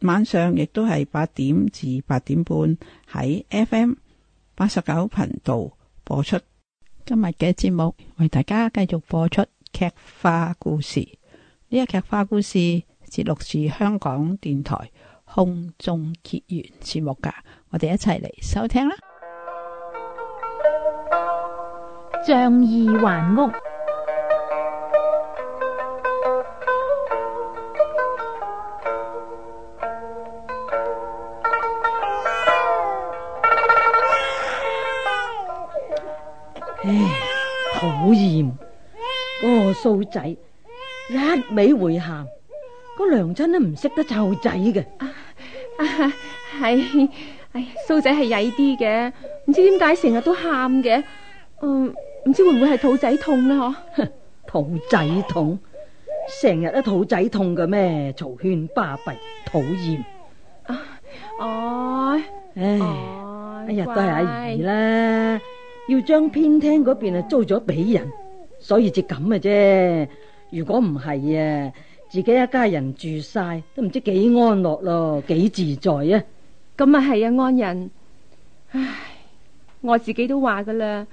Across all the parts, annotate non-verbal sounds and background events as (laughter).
晚上亦都係八點至八點半喺 F M 八十九頻道播出今日嘅節目，為大家繼續播出劇化故事。呢個劇化故事節錄自香港電台空中結緣節目噶，我哋一齊嚟收聽啦。仗義還屋。討厭，個素仔一味會喊，個娘親都唔識得湊仔嘅。啊，係，唉，素仔係曳啲嘅，唔知點解成日都喊嘅。嗯，唔知會唔會係肚仔痛呢？嗬，肚仔痛，成日都肚仔痛嘅咩？嘈喧巴閉，討厭。啊，哦，唉，一日都係阿姨啦。要將偏廳嗰邊啊租咗俾人，所以至咁嘅啫。如果唔係啊，自己一家人住晒都唔知幾安樂咯，幾自在啊。咁啊係啊，安人。唉，我自己都話噶啦，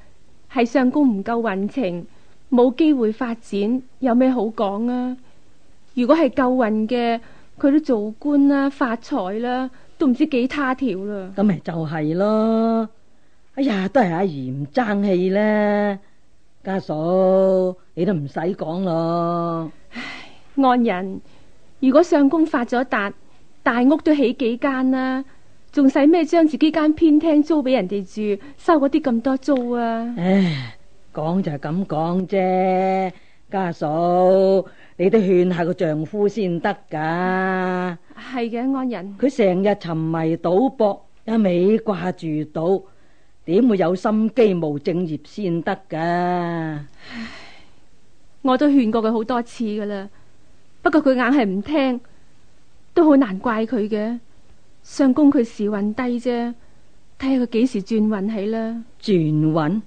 係相公唔夠運程，冇機會發展，有咩好講啊？如果係夠運嘅，佢都做官啦、啊、發財啦、啊，都唔知幾他條啦、啊。咁咪就係咯。哎呀，都係阿姨唔爭氣啦，家嫂你都唔使講咯。唉，安人，如果相公發咗達，大屋都起幾間啦，仲使咩將自己間偏廳租俾人哋住，收嗰啲咁多租啊？唉，講就係咁講啫，家嫂你都勸下個丈夫先得噶。係嘅，安人。佢成日沉迷賭博，一味掛住賭。點會有心機無正業先得噶？唉，我都勸過佢好多次噶啦，不過佢硬係唔聽，都好難怪佢嘅。相公佢時運低啫，睇下佢幾時轉運起啦。轉運？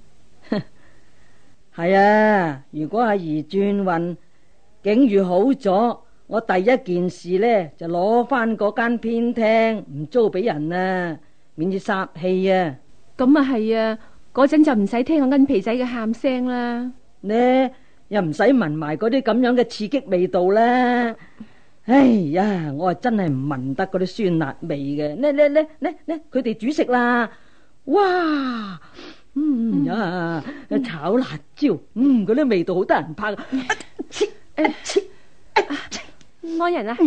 係 (laughs) 啊，如果阿姨轉運境遇好咗，我第一件事呢，就攞翻嗰間偏廳唔租俾人啊，免至煞氣啊。咁啊係啊！嗰陣就唔使聽我恩皮仔嘅喊聲啦，呢又唔使聞埋嗰啲咁樣嘅刺激味道啦。哎呀，我啊真係唔聞得嗰啲酸辣味嘅。呢呢呢呢呢，佢哋煮食啦。哇，嗯呀，炒辣椒，嗯，嗰啲味道好得人怕。安人啊，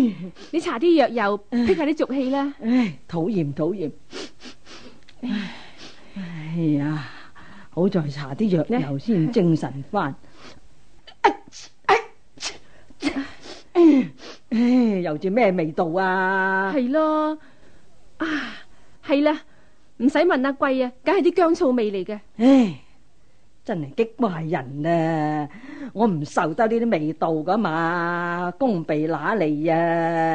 你搽啲藥油，撇下啲濁氣啦。唉，討厭討厭。好在搽啲藥油先精神翻。唉，又似咩味道啊？係咯，啊，係啦，唔使問阿貴啊，梗係啲薑醋味嚟嘅。唉，真係激壞人啊！我唔受得呢啲味道噶嘛，攻鼻乸嚟啊！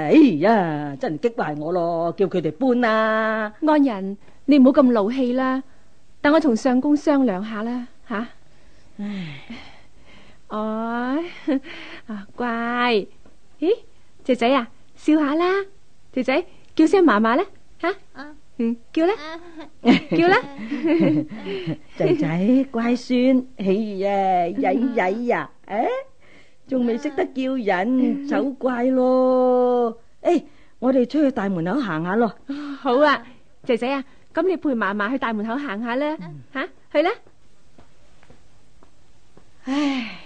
哎呀，真係激壞我咯，叫佢哋搬啊。安人，你唔好咁勞氣啦。等我同相公商量下啦，吓！唉，我啊、哦、乖，咦？姐仔仔啊，笑下啦！仔仔，叫聲嫲嫲咧，吓！啊、嗯，叫咧，叫啦，仔仔乖孫，哎呀，曳曳呀！誒，仲未識得叫人，醜怪咯！誒、哎，我哋出去大門口行下咯。好啊，姐仔仔啊！咁你陪嫲嫲去大門口行下咧，吓，去啦！唉，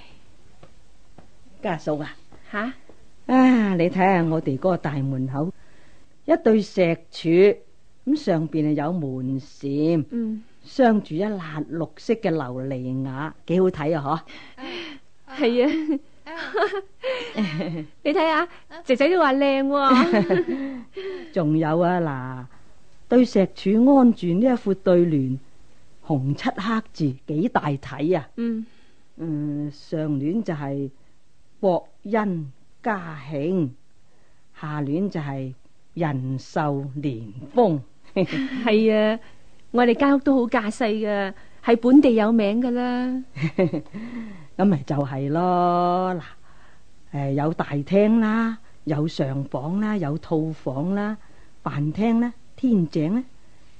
家嫂啊，吓啊！你睇下我哋嗰個大門口，一對石柱咁，上邊啊有門扇，嗯，鑲住一欄綠色嘅琉璃瓦，幾好睇啊！嗬，係啊，你睇下，姐姐都話靚，仲有啊嗱，對石柱安住呢一副對聯，紅漆黑字，幾大體啊！嗯，誒，上聯就係國恩家慶，下聯就係人壽年豐。係啊，我哋間屋都好架勢噶，係本地有名噶啦。咁咪就係咯，嗱，誒，有大廳啦，有上房啦，有套房啦，飯廳咧。天井呢，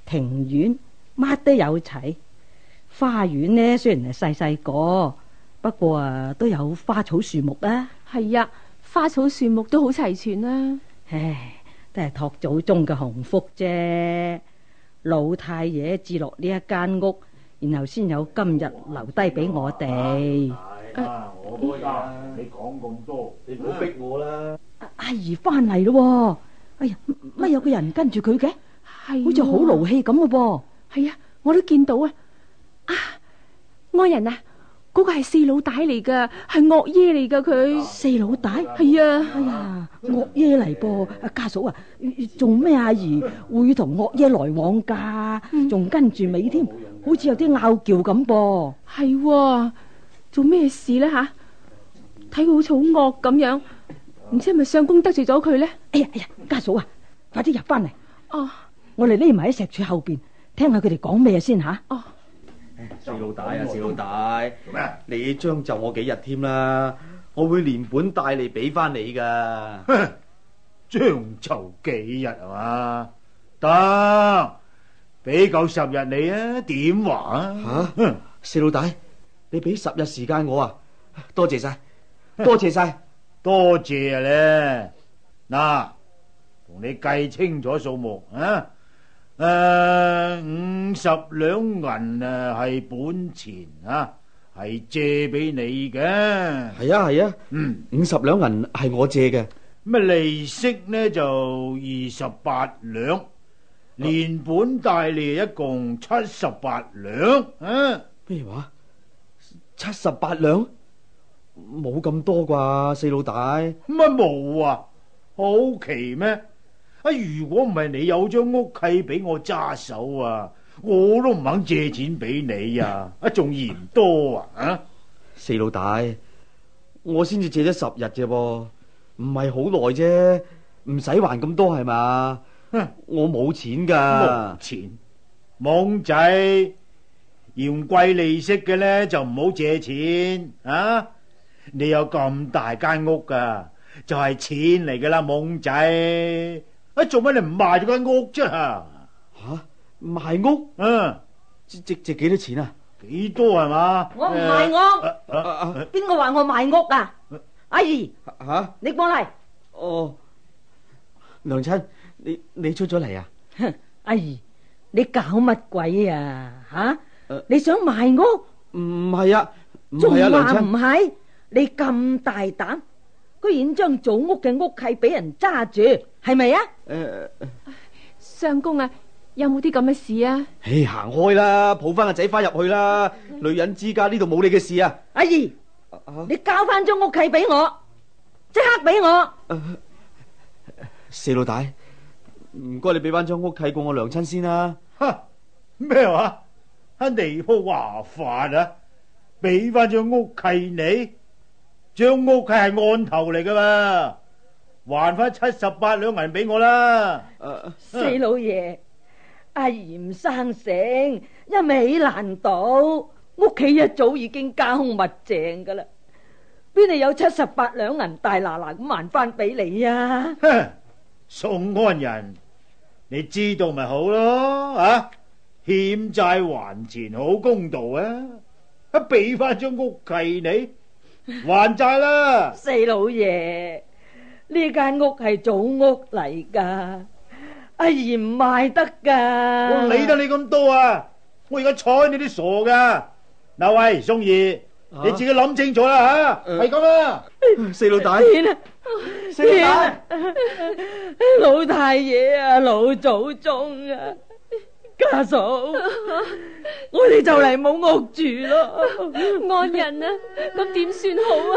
庭院乜都有齊。花園呢，雖然係細細個，不過啊，都有花草樹木啦。係呀，花草樹木都好齊全啦。唉，都係託祖宗嘅洪福啫。老太爺置落呢一間屋，然後先有今日留低俾我哋。係啊，我唔去啦。你講咁多，你唔好逼我啦。阿姨翻嚟咯。哎呀，乜有個人跟住佢嘅？好似好勞氣咁嘅噃，係啊，我都見到啊。啊，愛人啊，嗰個係四老大嚟㗎，係惡耶嚟噶。佢四老大係啊，哎呀，惡耶嚟噃。阿家嫂啊，做咩阿姨會同惡耶來往噶？仲跟住尾添，好似有啲拗撬咁噃。係做咩事咧？吓，睇佢好似好惡咁樣，唔知係咪相公得罪咗佢咧？哎呀哎呀，家嫂啊，快啲入翻嚟哦。我哋匿埋喺石柱後邊，聽下佢哋講咩先吓。哦，四老大啊，四老大，做咩？你將就我幾日添啦，我會連本帶利俾翻你噶。將就幾日係嘛？得，俾夠十日你啊？點還啊？吓，四老大，你俾十日時間我啊，多謝晒，多謝晒，多謝啊咧。嗱，同你計清楚數目啊！誒，五十、uh, 兩銀啊，係本錢啊，係借俾你嘅。係啊，係啊，嗯，五十兩銀係我借嘅。咁啊，利息呢就二十八兩，連本帶利一共七十八兩。吓、啊，咩話？七十八兩，冇咁多啩，四老大。乜冇啊，好奇咩？啊！如果唔係你有張屋契俾我揸手啊，我都唔肯借錢俾你啊！啊，仲嫌多啊？啊，四老大，我先至借咗十日啫噃，唔係好耐啫，唔使還咁多係嘛？哼，我冇錢噶，冇錢，懵仔，嫌貴利息嘅咧就唔好借錢啊！你有咁大間屋噶、啊，就係、是、錢嚟噶啦，懵仔。哎，做乜你唔賣咗間屋啫？吓，賣屋啊？值值值幾多錢啊？幾多係嘛？我唔賣屋，邊個話我賣屋啊？阿姨，吓，你過嚟哦，娘親，你你出咗嚟啊？阿姨，你搞乜鬼啊？吓，你想賣屋？唔係啊，仲話唔係啊，娘親，你咁大膽，居然將祖屋嘅屋契俾人揸住。係咪啊？是是呃、相公啊，有冇啲咁嘅事啊？誒，行開啦，抱翻個仔翻入去啦。呃、女人之家呢度冇你嘅事啊，阿姨，啊、你交翻張屋契俾我，即刻俾我、呃。四老大，唔該你俾翻張屋契過我娘親先啦。哈咩話？你好麻煩啊，俾翻張屋契你，張屋契係案頭嚟噶嘛。還翻七十八兩銀俾我啦！四老爺，阿爺唔生性，一味難倒屋企一早已經交空物淨噶啦，邊度有七十八兩銀大拿拿咁還翻俾你啊？宋安人，你知道咪好咯？啊，欠債還錢好公道啊！一俾翻張屋契你，還債啦！四老爺。呢間屋係祖屋嚟噶，阿姨唔賣得噶。我理得你咁多啊！我而家睬你啲傻噶，嗱喂，松兒，啊、你自己諗清楚啦吓，係咁、嗯、啊！四老大，老太爺啊，老祖宗啊，家嫂，啊、我哋就嚟冇屋住啦，安、啊、人啊，咁點算好啊？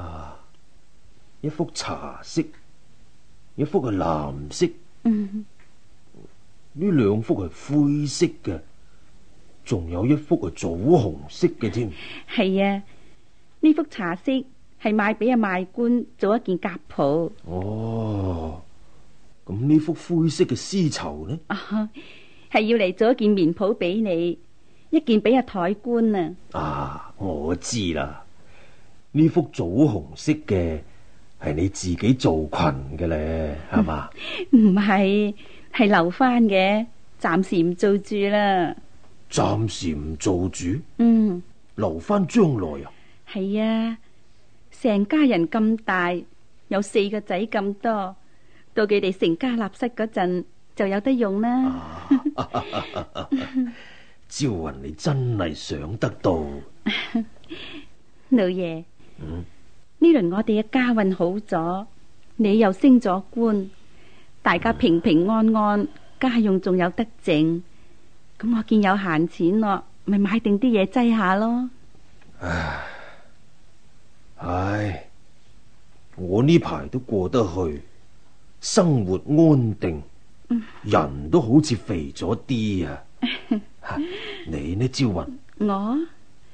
一幅茶色，一幅係藍色，呢、嗯、兩幅係灰色嘅，仲有一幅係棗紅色嘅，添係啊。呢幅茶色係買俾阿賣官做一件夾袍哦。咁呢幅灰色嘅絲綢呢，係、哦、要嚟做一件棉袍俾你，一件俾阿台官啊。啊，我知啦。呢幅棗紅色嘅。係你自己做裙嘅咧，係嘛、嗯？唔係吧，係留翻嘅，暫時唔做住啦。暫時唔做主？嗯，留翻將來，將來啊。係啊，成家人咁大，有四個仔咁多，到佢哋成家立室嗰陣就有得用啦。朝 (laughs) 雲、啊，你 (laughs) 真係想得到， (laughs) 老爺爺。嗯。呢輪我哋嘅家運好咗，你又升咗官，大家平平安安，嗯、家用仲有得剩。咁我見有閒錢咯，咪買定啲嘢擠下咯。唉，我呢排都過得去，生活安定，人都好似肥咗啲啊。 (laughs) 你呢？招雲我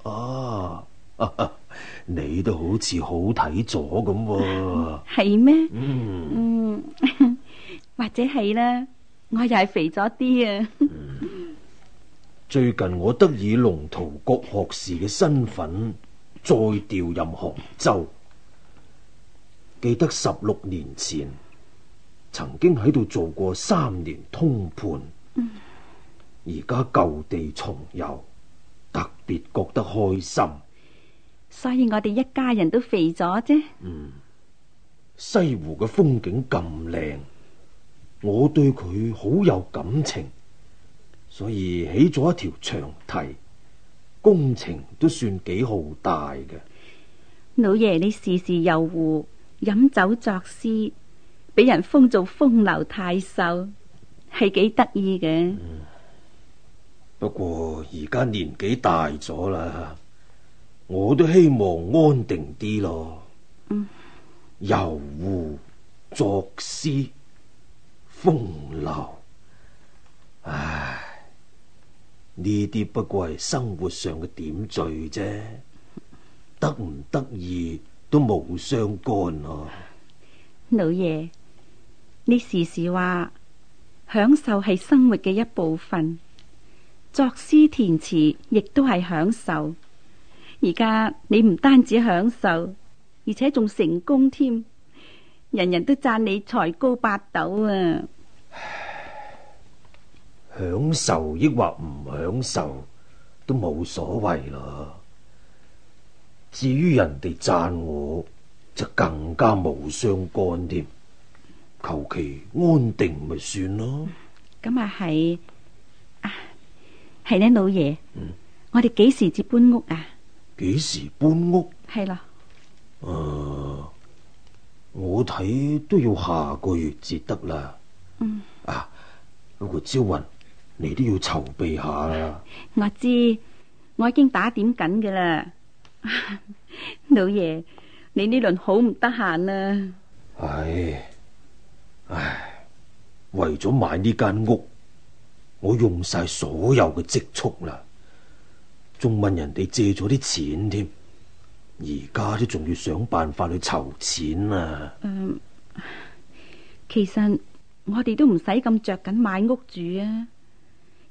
啊！啊啊你都好似好睇咗咁喎，係咩嗎？嗯， (laughs) 或者係呢？我又係肥咗啲啊！ (laughs) 最近我得以龍圖閣學士嘅身份再調任杭州，記得十六年前曾經喺度做過三年通判，而家舊地重遊，特別覺得開心。所以我哋一家人都肥咗啫。嗯，西湖嘅風景咁靚，我對佢好有感情，所以起咗一條長堤，工程都算幾浩大嘅。老爺，你時時遊湖，飲酒作詩，俾人封做風流太守，係幾得意嘅。不過而家年紀大咗啦。我都希望安定啲咯。嗯，遊湖作詩風流，唉，呢啲不過係生活上嘅點綴啫， (laughs) 得唔得意都冇相干啊。老爺，你時時話享受係生活嘅一部分，作詩填詞亦都係享受。而家你唔單止享受，而且仲成功添，人人都贊你才高八斗啊！享受抑或唔享受都冇所謂咯。至於人哋贊我，就更加無相干添。求其安定咪算咯。咁啊係啊，係呢，老爺，我哋幾時接搬屋啊？幾時搬屋？係啦的，誒、呃，我睇都要下個月至得啦。嗯，啊，胡招雲，你都要籌備下啦。我知，我已經打點緊㗎啦。 (laughs) 老爺，你呢輪好唔得閒啦。唉，唉，為咗買呢間屋，我用晒所有嘅積蓄啦。仲問人哋借咗啲錢添，而家都仲要想辦法去籌錢啊！嗯，其實我哋都唔使咁着緊買屋住啊，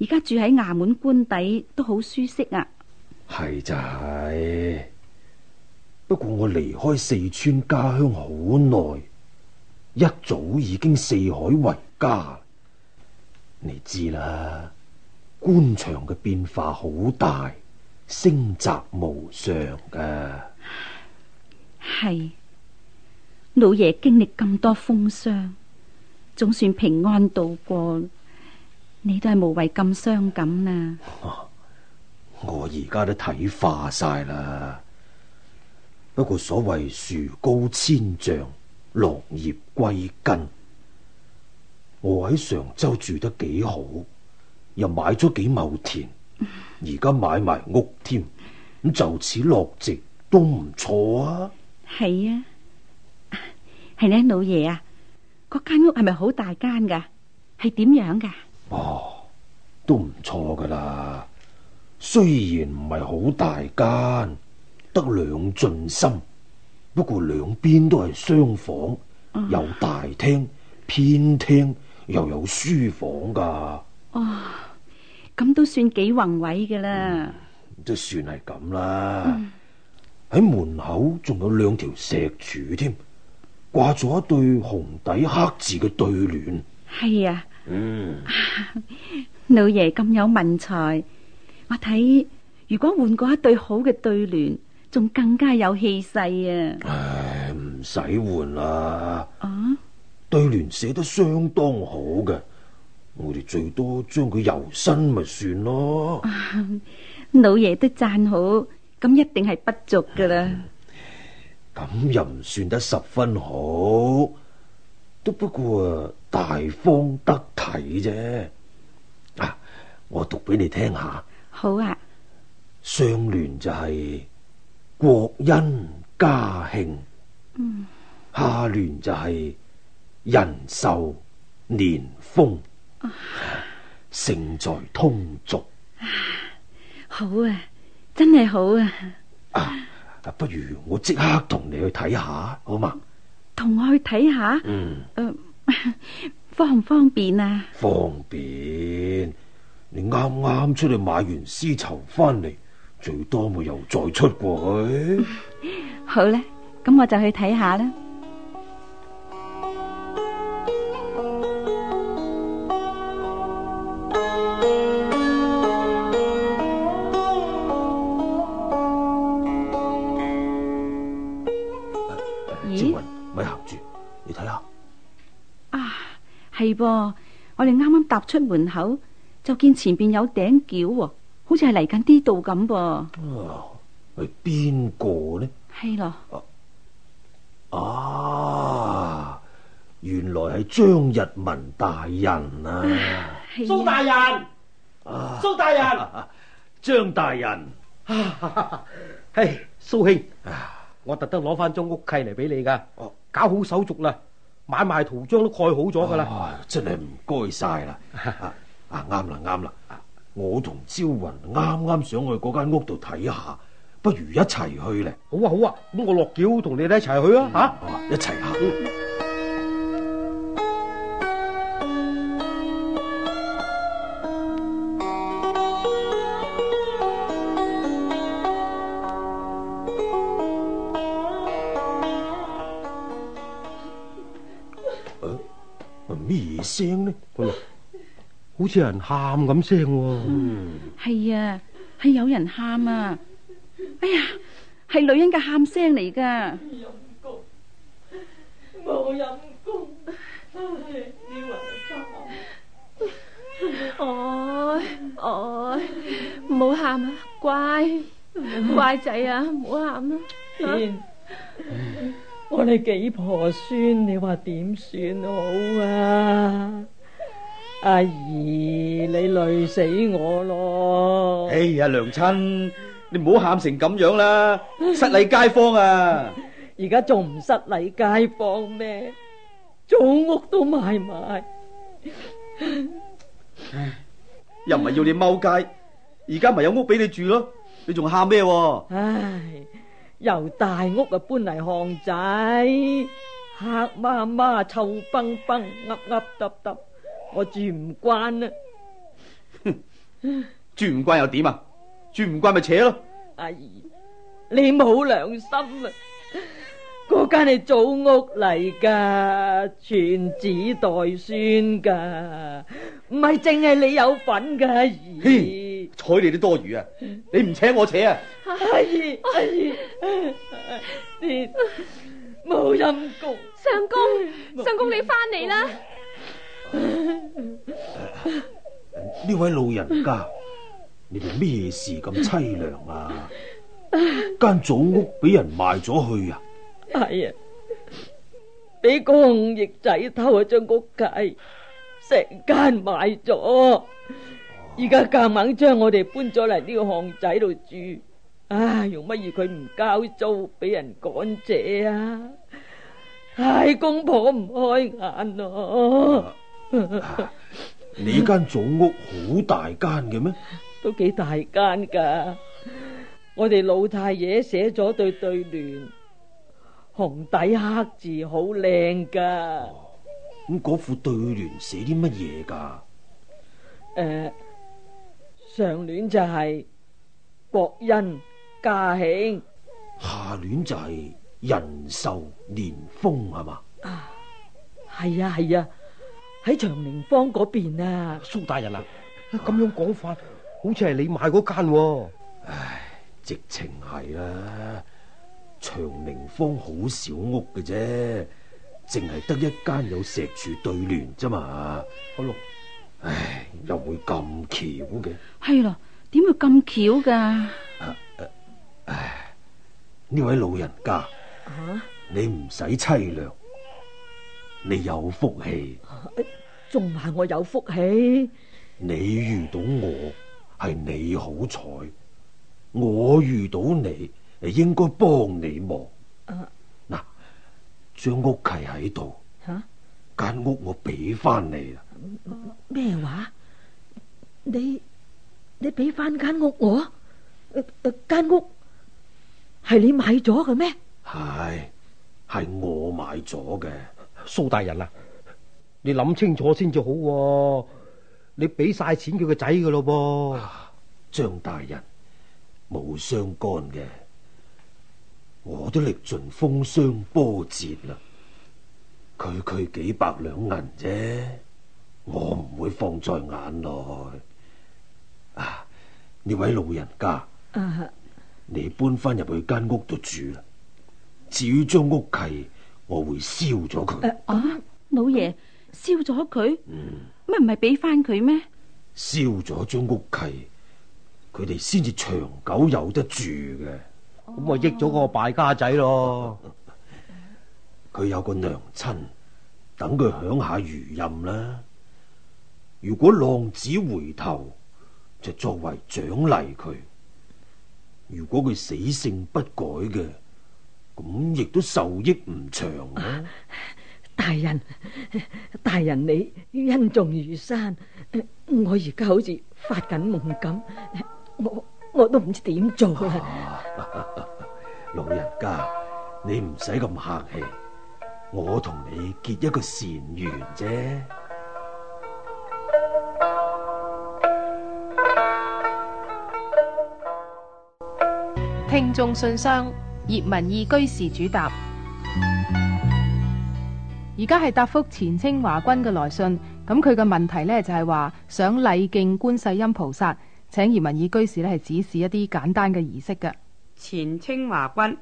而家住喺衙門官邸都好舒適啊。係就係，不過我離開四川家鄉好耐，一早已經四海為家。你知啦，官場嘅變化好大。升職無常噶、啊，係老爺經歷咁多風霜，總算平安度過，你都係無謂咁傷感啦、啊。 (laughs) 我而家都睇化晒啦。不過所謂樹高千丈，落葉歸根，我喺常州住得幾好，又買咗幾畝田。而家買埋屋添，咁就此落籍都唔錯啊！係啊，係呢，老爺啊，嗰間屋係咪好大間噶？係點樣噶？哦，都唔錯噶啦，雖然唔係好大間，得兩進深，不過兩邊都係雙房，有大廳、偏廳，又有書房噶。哦。咁都算幾宏偉噶啦，都、嗯、算係咁啦。喺、嗯、門口仲有兩條石柱添，掛咗一對紅底黑字嘅對聯。係啊，嗯，啊、老爺咁有文才，我睇如果換過一對好嘅對聯，仲更加有氣勢啊！唉，唔使換啦，啊、對聯寫得相當好嘅。我哋最多將佢由身咪算咯，老爺都讚好，咁一定係不俗噶啦。咁又唔算得十分好，都不過啊，大方得體啫。啊，我讀俾你聽下。好啊。上聯就係國恩家慶，嗯，下聯就係人壽年豐。勝在通俗，好啊，真係好啊！啊，不如我即刻同你去睇下，好嘛？同我去睇下？嗯，呃、方唔方便啊？方便，你啱啱出去買完絲綢翻嚟，最多咪又再出過去。嗯、好啦，咁我就去睇下啦。係噃，我哋啱啱踏出門口，就見前邊有頂轎，好似係嚟緊呢度咁噃。係邊個呢？係咯。啊，原來係張日文大人啊！蘇大人，蘇大人，張大人。嘿，蘇兄，我特登攞翻張屋契嚟俾你噶，搞好手續啦。買賣圖章都蓋好咗噶啦，真係唔該晒啦！啊，啱啦啱啦，我同朝雲啱啱上去嗰間屋度睇下，不如一齊去咧，啊。好啊，嗯、啊好啊，咁我落轎同你哋一齊去啊吓，一齊行。咩聲呢？好似有人喊咁聲喎。係啊，係有人喊啊！哎呀，係女人嘅喊聲嚟噶。冇人工，冇人工，要人爭。哎哎，唔好喊啊，乖乖仔啊，唔好喊啊。我哋幾婆孫，你話點算好啊？阿姨，你累死我咯！哎呀，娘親，你唔好喊成咁樣啦，失禮街坊啊！而家仲唔失禮街坊咩？祖屋都賣埋， (laughs) 唉，又唔係要你踎街，而家咪有屋俾你住咯，你仲喊咩？喎！唉。由大屋啊搬嚟巷仔，黑媽媽臭崩崩，噏噏耷耷，我住唔慣啊！住唔慣又點啊？住唔慣咪扯咯！阿姨，你冇良心啊！嗰間係祖屋嚟噶，全子代孫噶，唔係淨係你有份噶。阿姨。 (laughs) 睬你啲多餘啊！你唔請我請啊！阿姨，阿姨，你冇陰功。相公相公，你翻嚟啦！呢位老人家， 你哋咩事咁淒涼啊？間祖屋俾人賣咗去啊！係啊，俾個五億仔偷咗張屋契，成間賣咗。而家夾硬將我哋搬咗嚟呢個巷仔度住，啊，用乜嘢佢唔交租，俾人趕姐啊！唉，公婆唔開眼囉。你間祖屋好大間嘅咩？都幾大間噶。我哋老太爺寫咗對對聯，紅底黑字，好靚噶。咁嗰副對聯寫啲乜嘢噶？誒。上聯就係國恩家慶，下聯就係人壽年豐係嘛？啊，係啊係啊，喺長寧坊嗰邊啊，蘇大人啊，咁樣講法，好似係你買嗰間。唉，直情係啊，長寧坊好少屋嘅啫，淨係得一間有石柱對聯啫嘛。好咯。唉，又會咁巧嘅？係咯，點會咁巧噶？唉，呢位老人家，你唔使淒涼，你有福氣。仲話係我有福氣？你遇到我係你好彩，我遇到你係應該幫你忙。嗱，將屋契喺度，間屋我俾翻你啦。咩話？你你俾翻間屋我？間屋係你買咗嘅咩？係係我買咗嘅，蘇大人啊，你諗清楚先至好。你俾晒錢佢個仔噶咯噃，張大人冇相干嘅，我都歷盡風霜波折啦，區區幾百兩銀啫。我唔會放在眼內。啊，呢位老人家，啊、你搬翻入去間屋度住啦。至於張屋契，我會燒咗佢。啊，老爺燒咗佢，乜唔係俾翻佢咩？燒咗張屋契，佢哋先至長久有得住嘅。咁我益咗個敗家仔咯。佢 (laughs) 有個娘親，等佢享下餘蔭啦。如果浪子回頭，就作為獎勵佢；如果佢死性不改嘅，咁亦都受益唔長。啊，大人，大人，你恩重如山，我而家好似發緊夢咁，我我都唔知點做。啊， (laughs) 老人家，你唔使咁客氣，我同你結一個善緣啫。聽眾信箱，葉文義居士主答。而家係答覆前清華君嘅來信，咁佢嘅問題呢，就係話想禮敬觀世音菩薩，請葉文義居士呢，係指示一啲簡單嘅儀式嘅。前清華君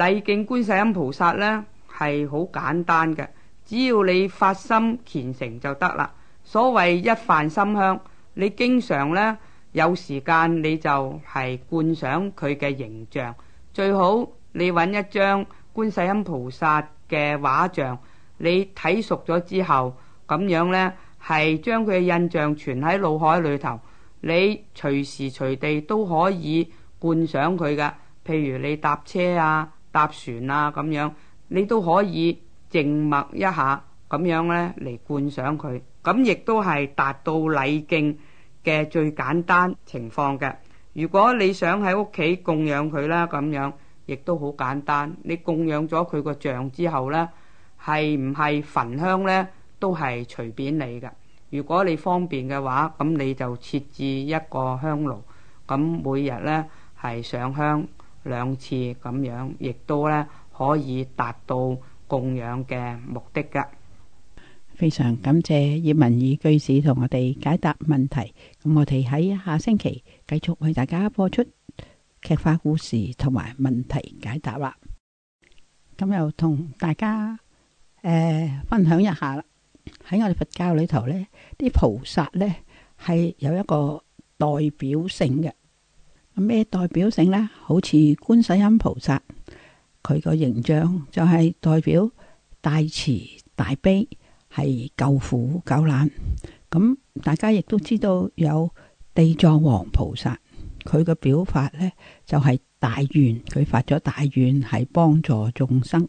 禮敬觀世音菩薩呢，係好簡單嘅，只要你發心虔誠就得啦。所謂一瓣心香，你經常呢。有時間你就係觀想佢嘅形象，最好你揾一張觀世音菩薩嘅畫像，你睇熟咗之後，咁樣呢係將佢嘅印象存喺腦海裏頭，你隨時隨地都可以觀想佢㗎。譬如你搭車啊、搭船啊咁樣，你都可以靜默一下，咁樣呢嚟觀想佢，咁亦都係達到禮敬。嘅最簡單情況嘅，如果你想喺屋企供養佢啦咁樣，亦都好簡單。你供養咗佢個像之後呢，係唔係焚香呢？都係隨便你嘅。如果你方便嘅話，咁你就設置一個香爐，咁每日呢係上香兩次咁樣，亦都呢可以達到供養嘅目的嘅。非常感謝葉文宇居士同我哋解答問題。咁我哋喺下星期繼續為大家播出劇化故事同埋問題解答啦。咁又同大家誒、呃、分享一下啦。喺我哋佛教裏頭呢啲菩薩呢係有一個代表性嘅。咩代表性呢？好似觀世音菩薩，佢個形象就係代表大慈大悲。係救苦救難，咁大家亦都知道有地藏王菩薩，佢嘅表法呢就係大願，佢發咗大願係幫助眾生，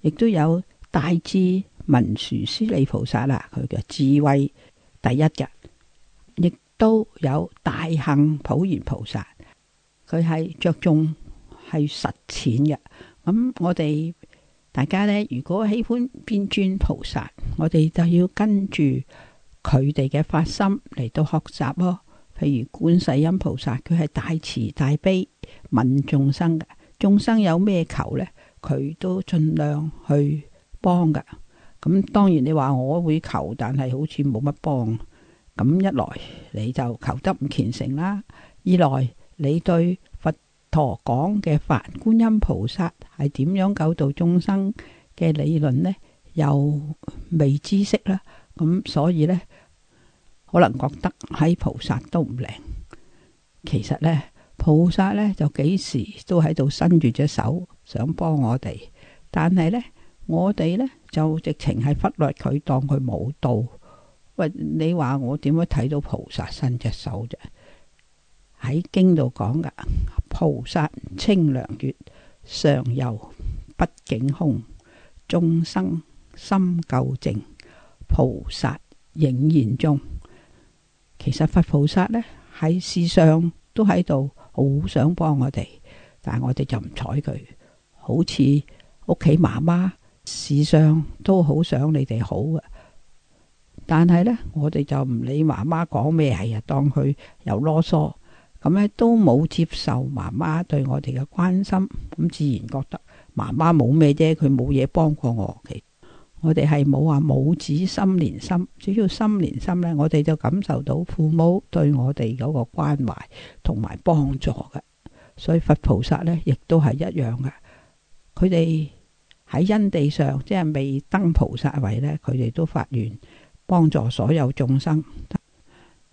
亦都有大智文殊師利菩薩啦，佢嘅智慧第一嘅，亦都有大行普賢菩薩，佢係着重係實踐嘅，咁我哋。大家呢，如果喜歡邊尊菩薩，我哋就要跟住佢哋嘅發心嚟到學習咯。譬如觀世音菩薩，佢係大慈大悲，憫眾生嘅，眾生有咩求呢？佢都盡量去幫噶。咁當然你話我會求，但係好似冇乜幫。咁一來你就求得唔虔誠啦，二來你對。佛講嘅凡觀音菩薩係點樣救度眾生嘅理論呢？又未知識啦，咁所以呢，可能覺得喺菩薩都唔靈。其實呢，菩薩呢就幾時都喺度伸住隻手想幫我哋，但係呢，我哋呢就直情係忽略佢，當佢冇到。喂，你話我點樣睇到菩薩伸隻手啫？喺經度講噶，菩薩清涼月，上遊畢竟空，眾生心垢淨，菩薩影現中。其實佛菩薩呢，喺世上都喺度好想幫我哋，但係我哋就唔睬佢。好似屋企媽媽，世上都好想你哋好啊，但係呢，我哋就唔理媽媽講咩，係啊，當佢又囉嗦。咁呢都冇接受媽媽對我哋嘅關心，咁自然覺得媽媽冇咩啫，佢冇嘢幫過我。嘅我哋係冇話母子心連心，只要心連心呢，我哋就感受到父母對我哋嗰個關懷同埋幫助嘅。所以佛菩薩呢，亦都係一樣嘅。佢哋喺因地上，即係未登菩薩位呢，佢哋都發願幫助所有眾生。